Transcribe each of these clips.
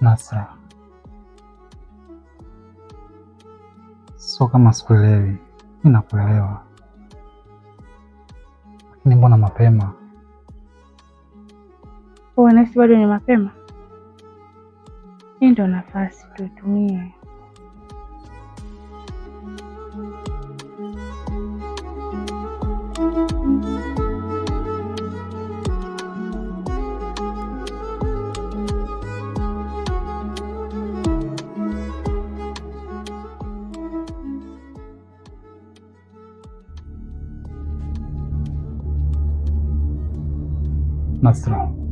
Nasa so kama sikuelewi, ninakuelewa, lakini mbona mapema nahisi bado ni mapema. Hii ndio nafasi tuitumie. Nasra.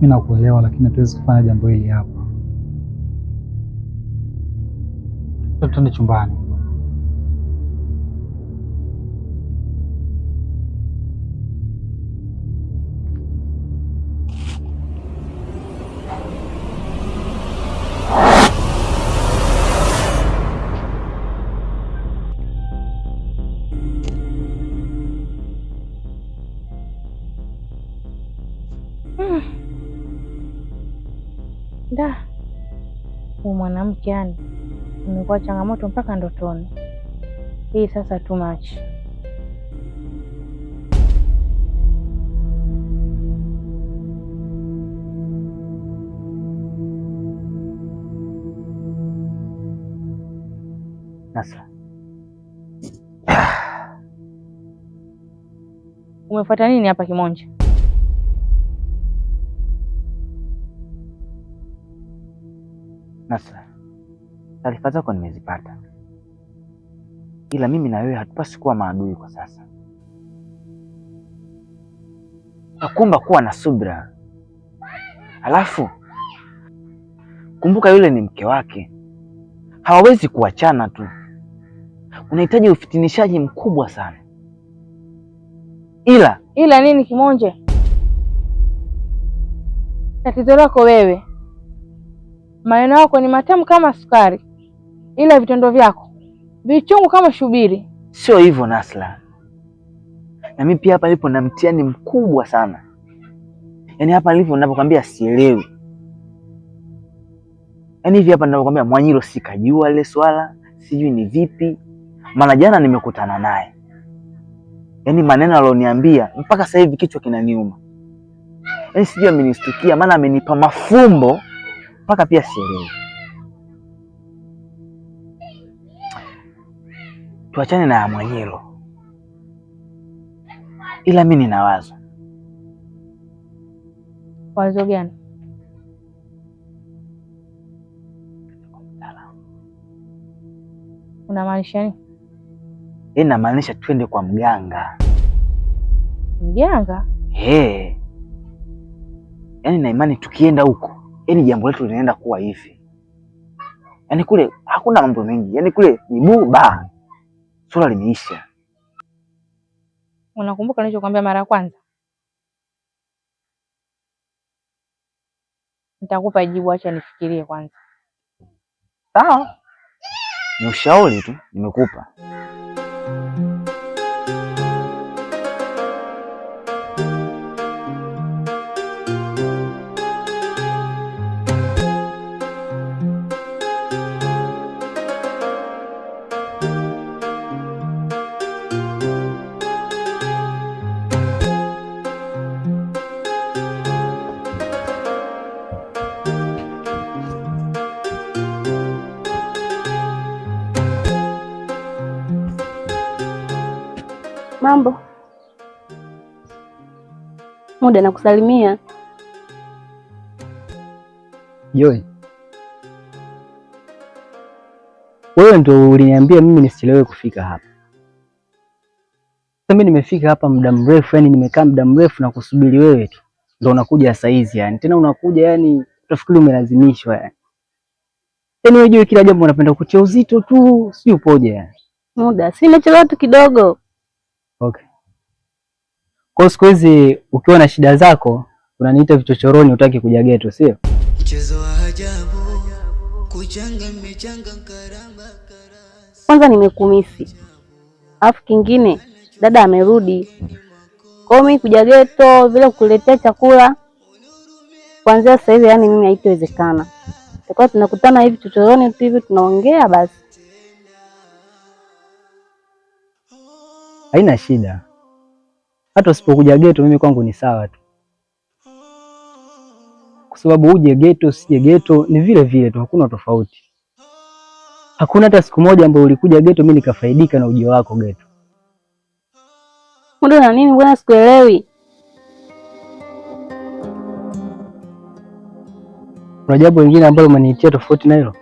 Mimi nakuelewa, lakini hatuwezi kufanya jambo hili hapa. Tutende chumbani. Hmm. Da, huyu mwanamke yani umekuwa changamoto mpaka ndotoni. Hii sasa too much. Sasa umefuata nini hapa Kimonja? Nasa, taarifa zako nimezipata, ila mimi na wewe hatupasi kuwa maadui kwa sasa. Nakumba kuwa na subra, alafu kumbuka yule ni mke wake, hawawezi kuachana tu. Unahitaji ufitinishaji mkubwa sana. Ila ila nini, Kimonje? Tatizo lako wewe Maneno yako ni matamu kama sukari, ila vitendo vyako vichungu kama shubiri. Sio hivyo Nasla, na mimi pia hapa nilipo na mtihani mkubwa sana. Yaani hapa nilipo ninapokuambia sielewi, yaani hivi hapa ninapokuambia Mwanyiro sikajua lile swala, sijui ni vipi, maana jana nimekutana naye, yaani maneno alioniambia mpaka sasa hivi kichwa kinaniuma, yaani sijui amenistukia, maana amenipa mafumbo mpaka pia sielewi. Tuachane na ya Mwanyiro, ila mi nina wazo. Wazo gani? Unamaanisha nini? Inamaanisha twende kwa mganga. Mganga? Hey. Yaani na imani tukienda huko yani jambo letu linaenda kuwa hivi. Yani kule hakuna mambo mengi, yani kule ni bu ba sura limeisha. Unakumbuka nilichokwambia mara ya kwanza? Nitakupa jibu, acha nifikirie kwanza. Sawa, ni ushauri tu nimekupa. Mambo muda na kusalimia Joy. Wewe ndio uliniambia mimi nisichelewe kufika hapa. Sasa mimi nimefika hapa muda mrefu, yani nimekaa muda mrefu na kusubiri wewe tu, ndio unakuja saa hizi yani. Tena unakuja yani utafikiri umelazimishwa yani. Yaani wewe kila jambo unapenda kutia uzito tu, si upoje yani. Muda si nimechelewa tu kidogo Okay. Kwa siku hizi ukiwa na shida zako unaniita vichochoroni, utaki kuja geto, sio? Mchezo wa kuchanga mechanga karamba karasi. Kwanza nimekumisi, alafu kingine dada amerudi. Kwa mi kuja geto vile kukuletea chakula kuanzia sasa hivi, yani mimi haitowezekana. Tutakuwa tunakutana hivi chochoroni tu hivi tunaongea basi. haina shida. Hata usipokuja geto, mimi kwangu ni sawa tu, kwa sababu uje geto usije geto ni vile vile tu, hakuna tofauti. Hakuna hata siku moja ambayo ulikuja geto mimi nikafaidika na ujio wako geto. muda na nini bwana, sikuelewi. Kuna jambo lingine ambalo umeniitia tofauti na hilo?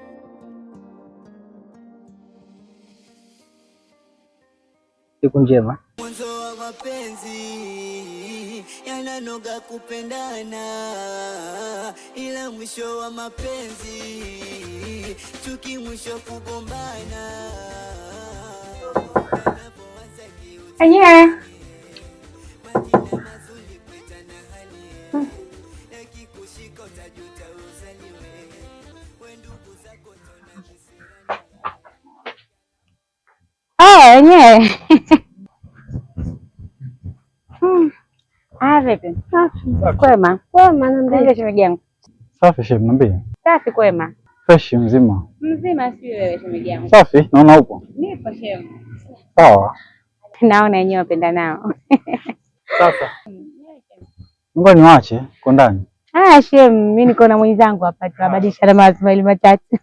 Siku njema. Mwanzo wa mapenzi yananoga kupendana, ila mwisho wa mapenzi chuki, mwisho kugombana. Aya. wenyewe hmm. ah, vipi? Kwema shemeji safi. Shem, niambie. Safi kwema. Fresh mzima mzima, si wewe shemeji yangu? Safi, naona upo. Nipo shem. Sawa, naona yenyewe wapenda nao. Sasa ngoja niwache ko ndani. Ah, shem, mimi niko na mwenzangu hapa, ah. tunabadilisha na maswali matatu.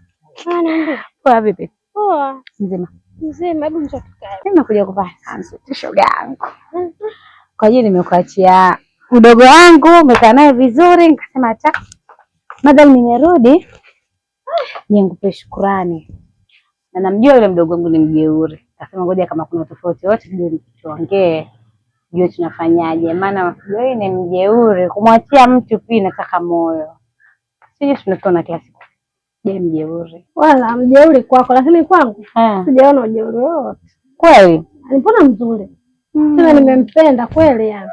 Ah, Poa vipi? Poa mzima Nimekuja kuvaa kanzu tu shoga yangu, kwa hiyo nimekuachia mdogo wangu, umekaa naye vizuri, nikasema hata madhali nimerudi ah. niangupe shukurani, na namjua yule mdogo wangu ni mjeuri, kasema ngoja kama kuna tofauti yote tuongee, jue tunafanyaje, maana ni mjeuri kumwachia mtu pia, nataka moyo sijui tunatona kiasi Je, mjeuri? Wala mjeuri kwako, lakini kwangu eh. sijaona ujeuri wowote. Kweli alipona yaani, mzuri hmm. tena Nimempenda kweli yani.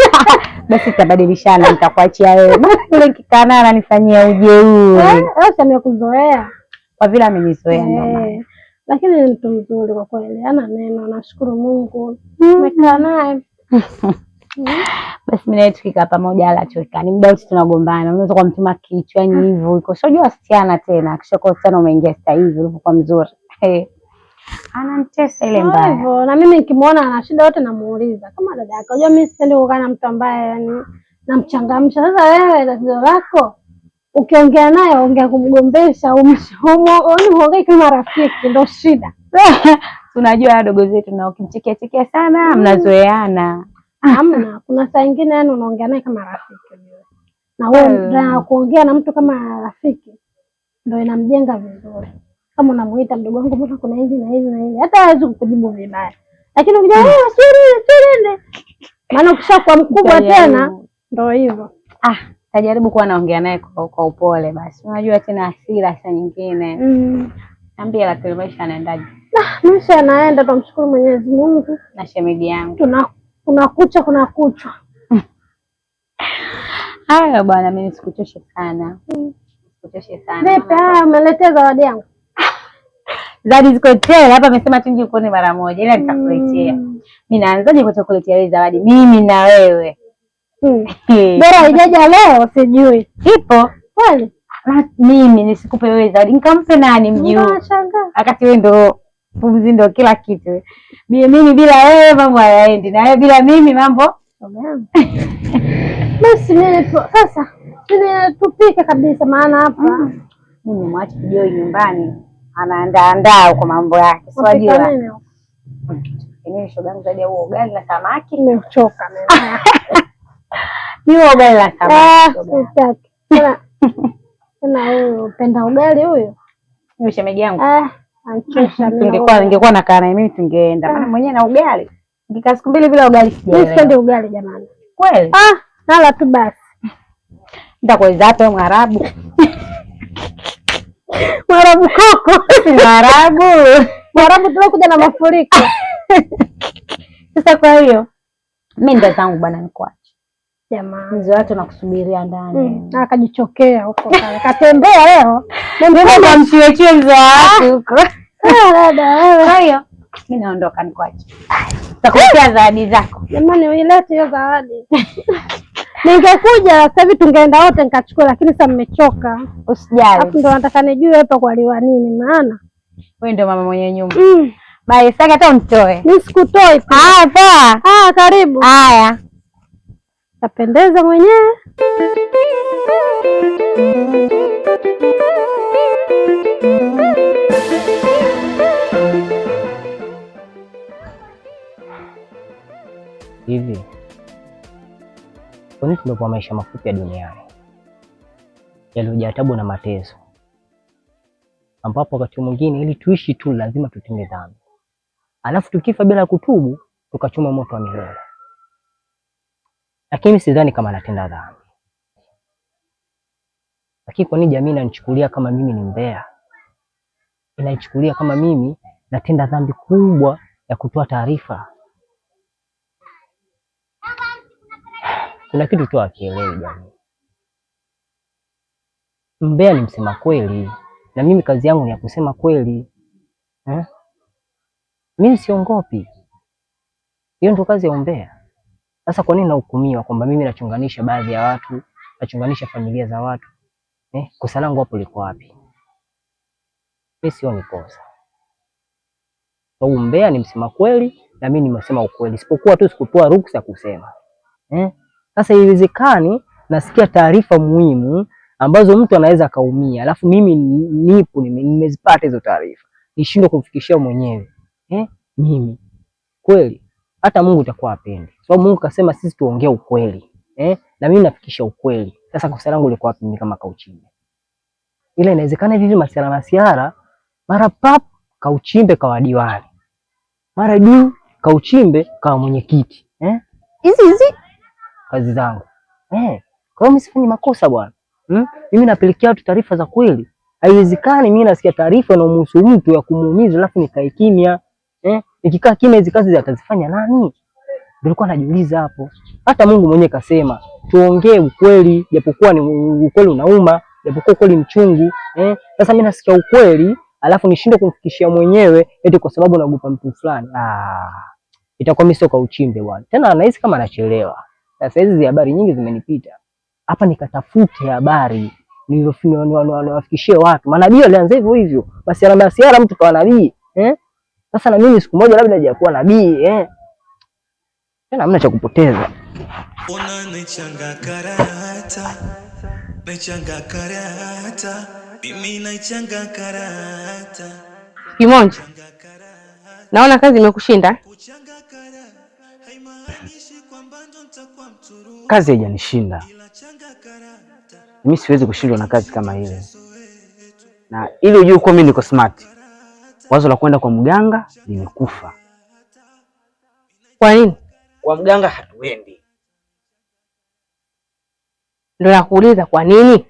Basi tabadilishana nitakuachia wewe. Basi yule kikana ananifanyia ujeuri, eh, amekuzoea kwa vile amenizoea eh, maana. lakini ni mtu mzuri kwa kweli, ana neno. Nashukuru Mungu hmm. nimekaa naye -hmm. Basi mimi naye tukikaa pamoja ala choika. Ni muda wote tunagombana. Unaweza kumtuma kichwa yani mm-hmm. hivyo. Iko sio jua wasichana tena. Kisha kwa wasichana umeingia sasa hivi ulikuwa mzuri. Anamtesa ile mbaya. Hivyo na mimi nikimwona ana shida yote namuuliza kama dada yako, Unajua mimi sipendi kukaa na mtu ambaye yani namchangamsha. Sasa wewe tatizo lako ukiongea naye ongea kumgombesha, umshauri yaani kama rafiki ndio shida. Tunajua dogo zetu na ukimchekeachekea sana mm-hmm. mnazoeana. Hamna, kuna saa ingine yani unaongea naye kama rafiki na huo hmm. na kuongea na mtu kama rafiki ndio inamjenga vizuri. Kama unamuita mdogo wangu, mbona kuna hizi na hizi na hizi, hata hawezi kukujibu vibaya, lakini ukija wewe eh, hmm. siri siri, maana kwa mkubwa tena ndio hivyo. Ah, tajaribu kuwa naongea naye kwa upole basi, unajua tena hasira saa nyingine mm. Ambia la maisha anaendaje? Nah, maisha anaenda, tumshukuru Mwenyezi Mungu na shemeji yangu tuna kuna kucha, kuna Haya bwana, mimi sikuchoshe sana, hmm. sikuchoshe sana. haya, ah, umeletea zawadi yangu zawadi ziko tele hapa. Amesema tu nje kuone mara moja, ila nitakuletea mm. Mimi naanzaje kukuletea wewe zawadi, mimi na wewe hmm. bora ijaja leo, sijui ipo kweli. Mimi nisikupe wewe zawadi, nikampe nani? Mjuu akati wewe ndo pumzi ndo kila kitu. Mimi bila wewe mambo hayaendi, na wewe bila mimi mambo basi. Sasa imetupika kabisa, maana hapa mm. mimi mwache kijoi nyumbani anaandaandaa huko mambo yake, si wajua mimi shoga zaidi ya huo ugali na samaki. Nimechoka mimi. Ni ugali na samaki. Ah, tena huyo upenda ugali huyo? Ni shemeji yangu. Eh ningekuwa ningekuwa nakaa naye mimi tungeenda, maana ah. mwenyewe na ugali ngikaa siku mbili bila ugali. Sipendi ugali jamani, kweli ah, nala tu basi. Nitakueleza hata Mwarabu Mwarabu koko Mwarabu Mwarabu tulokuja na mafuriko sasa. Kwa hiyo mimi ndo zangu bwana, nikuache mzee wake nakusubiria ndani mm, akajichokea huko, akatembea leo msiwekee mzee wake ah, huko. Kwa hiyo mimi naondoka, nikwache takuletea zawadi zako. Jamani, uilete hiyo zawadi. Ningekuja sasa hivi tungeenda wote nikachukua, lakini sasa mmechoka. Usijali, ndo nataka nijue hapa kwaliwa nini, maana wewe ndio mama mwenye nyumba. Mm. Basi sasa hata unitoe mimi, sikutoi. Haya, ah, ah, karibu. Haya tapendeza mwenyewe. Hivi kwani tumekuwa maisha mafupi ya duniani yaliyojaa tabu na mateso, ambapo wakati mwingine ili tuishi tu lazima tutende dhambi, alafu tukifa bila kutubu tukachoma moto wa milele lakini sidhani kama anatenda dhambi. Lakini kwa nini jamii inanichukulia kama mimi ni mbea, inanichukulia kama mimi natenda dhambi kubwa ya kutoa taarifa? Kuna kitu tu akielewi jamii. Mbea ni msema kweli, na mimi kazi yangu ni ya kusema kweli eh? Mimi siongopi, hiyo ndio kazi ya umbea. Sasa kwa nini nahukumiwa kwamba mimi nachunganisha baadhi ya watu, nachunganisha familia za watu? Eh, kosa langu hapo liko wapi? Mimi sioni kosa. Sababu umbea ni msema kweli na mimi nimesema ukweli. Sipokuwa tu sikupewa ruksa kusema. Eh? Sasa iwezekani nasikia taarifa muhimu ambazo mtu anaweza akaumia, alafu mimi nipo nimezipata hizo taarifa, nishindwe kumfikishia mwenyewe eh? mimi kweli hata Mungu utakuwa hapendi, sababu Mungu kasema sisi tuongee ukweli eh, na mimi nafikisha ukweli. Sasa kosa langu liko wapi mimi kama kauchimbe? Ila inawezekana hivi masiara masiara, mara pap kauchimbe kawa diwani, mara juu kauchimbe kawa mwenyekiti eh, hizi hizi kazi zangu eh. Kwa hiyo msifanye makosa bwana, hmm? Mimi napelekea watu taarifa za kweli. Haiwezekani mimi nasikia taarifa inaomhusu mtu ya kumuumiza alafu nikae kimya eh. Nikikaa kimya hizi kazi atazifanya nani? Nilikuwa najiuliza hapo. Hata Mungu mwenyewe kasema tuongee ukweli, japokuwa ni ukweli unauma, japokuwa ukweli mchungu. Eh, sasa mimi nasikia ukweli alafu nishinde kumfikishia mwenyewe eti kwa sababu naogopa mtu fulani. Ah, itakuwa mimi sio kwa uchimbe bwana. Tena anahisi kama anachelewa. Sasa hizi habari nyingi zimenipita hapa, nikatafute habari niliwafikishie watu, maana Biblia alianza hivyo hivyo. Basi alama siara mtu kwa nabii eh sasa na mimi siku moja labda nijakuwa nabii eh, tena hamna cha kupoteza. Ona naichanga karata, naichanga karata, mimi naichanga karata. Kimonja, naona kazi imekushinda. Kazi haijanishinda mimi, siwezi kushindwa na kazi kama ile, na ili ujue kuwa mimi niko smart wazo la kwenda kwa mganga limekufa. Kwa nini? Kwa mganga hatuendi. Ndio nakuuliza kwa nini?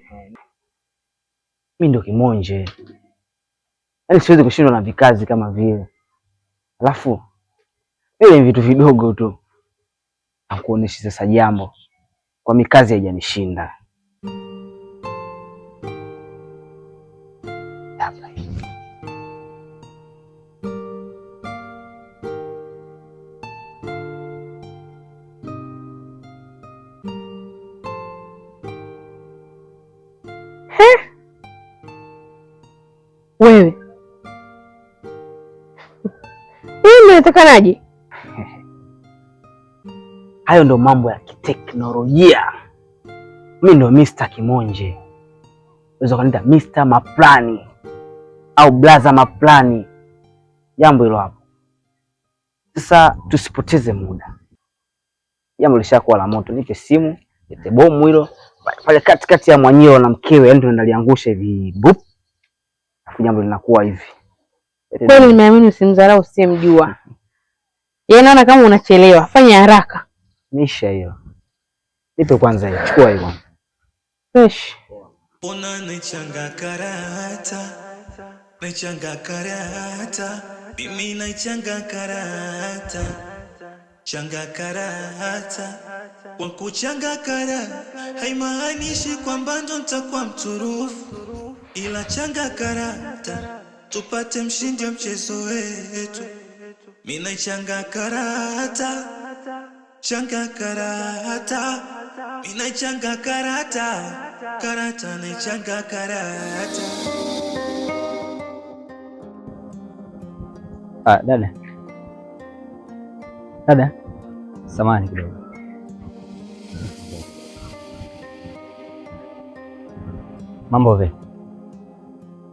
Mimi ndio kimonje, yaani siwezi kushindwa na vikazi kama vile, alafu vile vitu vidogo tu akuoneshi. Sasa jambo kwa mikazi haijanishinda. inawezekanaje? Hayo ndo mambo ya kiteknolojia. Mi ndo Mr. Kimonje, unaweza kuniita Mr. Maplani au Blaza Maplani, jambo hilo hapo. Sasa tusipoteze muda, jambo lishakuwa la moto. Nipe simu, nite bomu hilo pale katikati ya Mwanyiro na mkewe, yani tunaendaliangusha hivi, bup, afu jambo linakuwa hivi Kweli nimeamini, usimdharau usimjua. Yeye naona kama unachelewa, fanya haraka. Nisha hiyo. Nipe kwanza hiyo. Chukua hiyo. Fresh. Ona nichanga karata. Nichanga karata. Mimi naichanga karata. Changa karata. Kwa kuchanga kara haimaanishi kwamba ndo nitakuwa mturufu. Ila changa karata tupate mshindi wa mchezo wetu. Mina changa karata, changa karata, mina changa karata, karata na changa karata. Ah, dada dada, samani kidogo mambo vipi?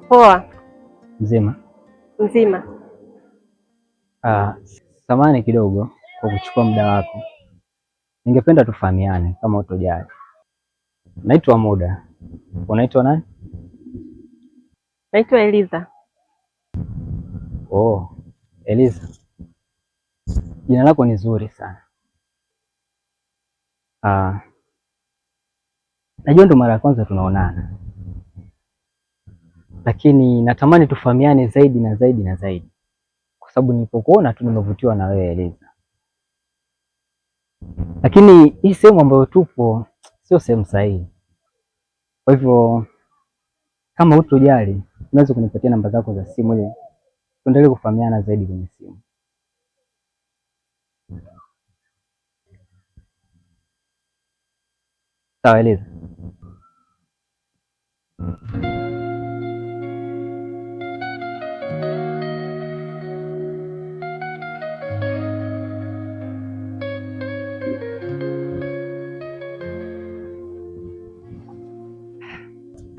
Poa. Mzima mzima. Ah, samani kidogo kwa kuchukua muda wako, ningependa tufahamiane kama utojali. Naitwa Muda, unaitwa nani? Naitwa Eliza. Oh, Eliza, jina lako ni zuri sana. Ah, najua ndo mara ya kwanza tunaonana lakini natamani tufahamiane zaidi na zaidi na zaidi, kwa sababu nilipokuona tu nimevutiwa na wewe Eliza. Lakini hii sehemu ambayo tupo sio sehemu sahihi, kwa hivyo kama hutojali, unaweza kunipatia namba zako za simu ili tuendelee kufahamiana zaidi kwenye simu. Sawa Eliza.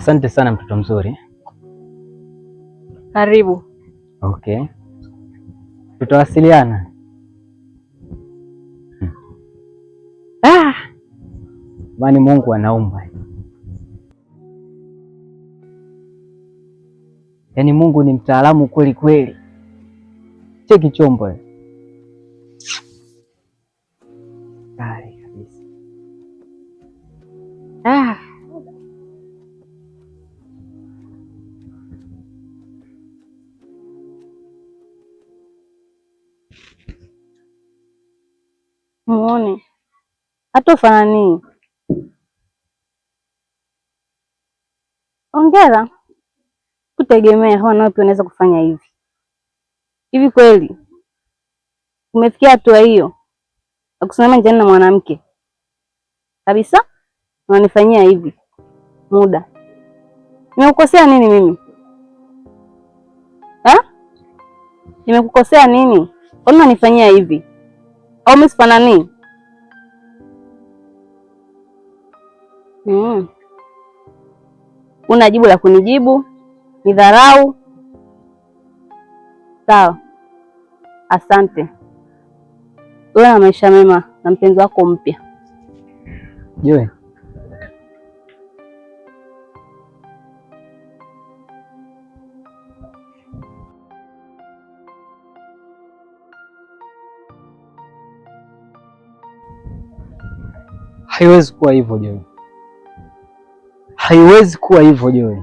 Asante sana mtoto mzuri. Karibu. Okay, tutawasiliana. Hmm. Ah! Mani Mungu anaumba, yaani Mungu ni mtaalamu kweli kweli. Cheki chombo kali kabisa. Ah! muone hata ufananii. Ongera kutegemea hao nao pia unaweza kufanya hivi hivi. Kweli umefikia hatua hiyo ya kusimama njiani na mwanamke kabisa, unanifanyia hivi muda? Nimekukosea nini mimi ha? Nimekukosea nini? Kwani unanifanyia hivi? au misifanani? Hmm. Una jibu la kunijibu ni dharau. Sawa, asante. Uwe na maisha mema na mpenzi wako mpya Jue. Haiwezi kuwa hivyo Joy, haiwezi kuwa hivyo Joy.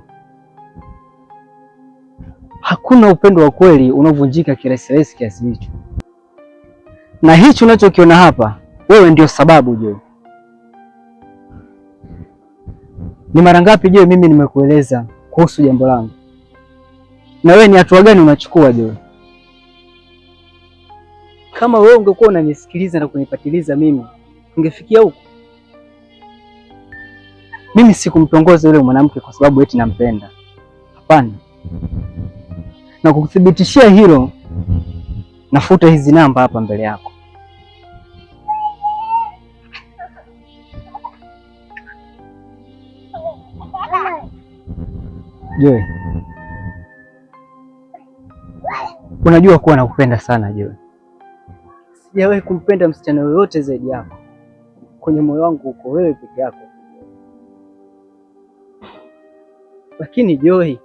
Hakuna upendo wa kweli unaovunjika kirahisi kiasi hicho, na hichi unachokiona hapa wewe ndio sababu Joy. Ni mara ngapi Joy mimi nimekueleza kuhusu jambo langu, na wewe ni hatua gani unachukua Joy? Kama wewe ungekuwa unanisikiliza na kunipatiliza mimi, ungefikia huko. Mimi sikumtongoza yule mwanamke kwa sababu eti nampenda, hapana. Na kukuthibitishia hilo, nafuta hizi namba hapa mbele yako. Je, unajua kuwa nakupenda sana Joy? Sijawahi kumpenda msichana yoyote zaidi yako. Kwenye moyo wangu uko wewe peke yako. Lakini Joy,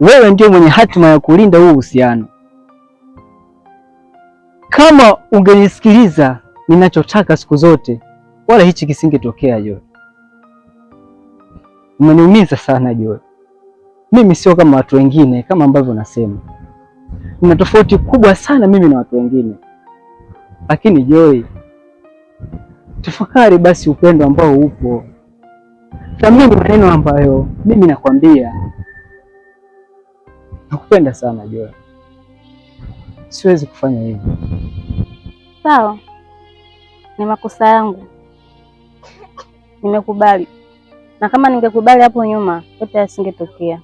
wewe ndio mwenye hatima ya kulinda huu uhusiano. Kama ungenisikiliza ninachotaka siku zote, wala hichi kisingetokea. Joy, umeniumiza sana Joy. Mimi sio kama watu wengine, kama ambavyo unasema nina tofauti kubwa sana mimi na watu wengine. Lakini Joy, tafakari basi upendo ambao upo Tambia ni maneno ambayo mimi nakwambia, nakupenda sana jua siwezi kufanya hivyo. Sawa, ni makosa yangu, nimekubali, na kama ningekubali hapo nyuma yote yasingetokea.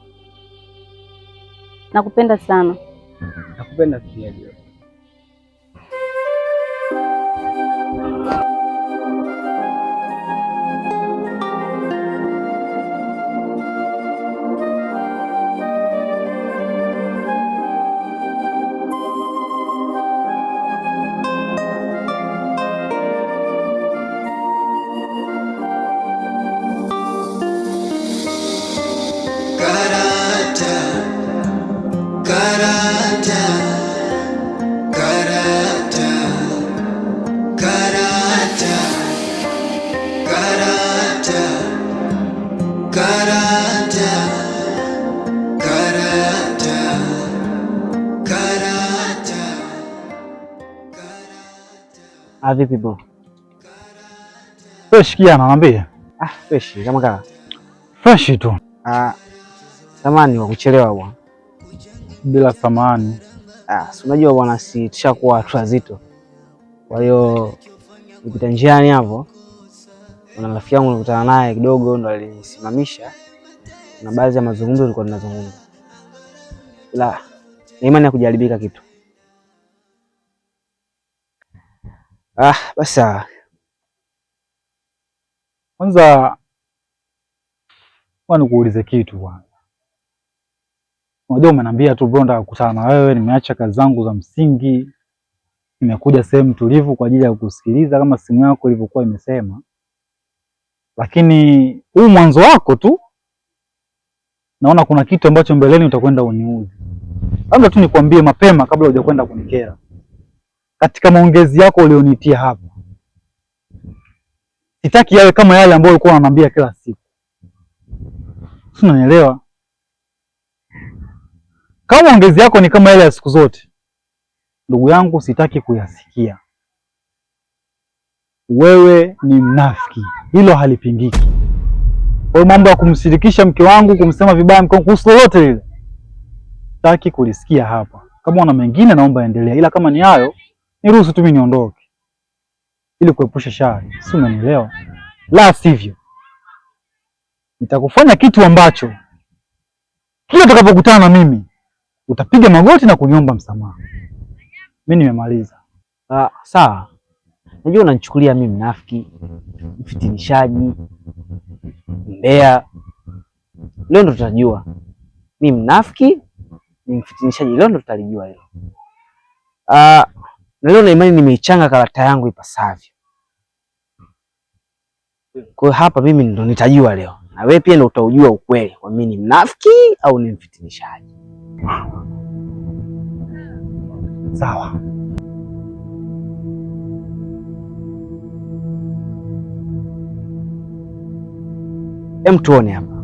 Nakupenda sana, nakupenda pia Joa. Ah, vipi bro? Fresh kijana, naambia. Ah, fresh kama kaka. Fresh tu. Ah, samani wa kuchelewa bwana. Bila samani. Ah, si unajua bwana, si tushakuwa watu wazito. Kwa hiyo nikipita njiani hapo kuna rafiki yangu nilikutana naye kidogo, ndo alinisimamisha na baadhi ya mazungumzo tulikuwa tunazungumza, ila na imani ya kujaribika kitu Ah, basa kwanza nikuulize kitu bwana. Unajua umeniambia tu bro, nataka kukutana na wewe, nimeacha kazi zangu za msingi, nimekuja sehemu tulivu kwa ajili ya kusikiliza kama simu yako ilivyokuwa imesema, lakini huu mwanzo wako tu naona kuna kitu ambacho mbeleni utakwenda uniuzi. Labda tu nikwambie mapema kabla hujakwenda kunikera katika maongezi yako ulionitia hapa Sitaki yawe kama yale ambayo ulikuwa unaniambia kila siku, si unanielewa? Kama maongezi yako ni kama yale ya siku zote, ndugu yangu, sitaki kuyasikia. Wewe ni mnafiki, hilo halipingiki. Kwa mambo ya kumshirikisha mke wangu, kumsema vibaya mke wangu kuhusu lolote lile, sitaki kulisikia hapa. Kama una mengine, naomba endelea, ila kama ni hayo niruhusu tu mimi niondoke, ili kuepusha shari, si umenielewa? La sivyo nitakufanya kitu ambacho kila utakapokutana na mimi utapiga magoti na kuniomba msamaha. Mimi nimemaliza. Ah, sawa. Unajua unanichukulia mimi mnafiki, mfitinishaji, mbea. Leo ndo tutajua mimi mnafiki ni mfitinishaji, leo ndo tutalijua hilo. Ah, na leo na imani nimeichanga karata yangu ipasavyo. Kwa hiyo hapa mimi ndo nitajua leo, na wewe pia ndo utaujua ukweli kwa mimi ni mnafiki au ni mfitinishaji. Sawa. Hem, tuone hapa.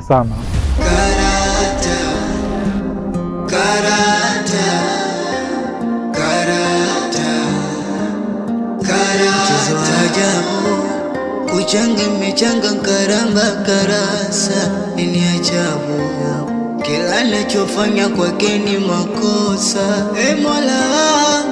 Asante sana. Karata, karata, karata, karata. kuchanga mechanga karamba karasa nini ajabu kila nachofanya kwake ni makosa e Mola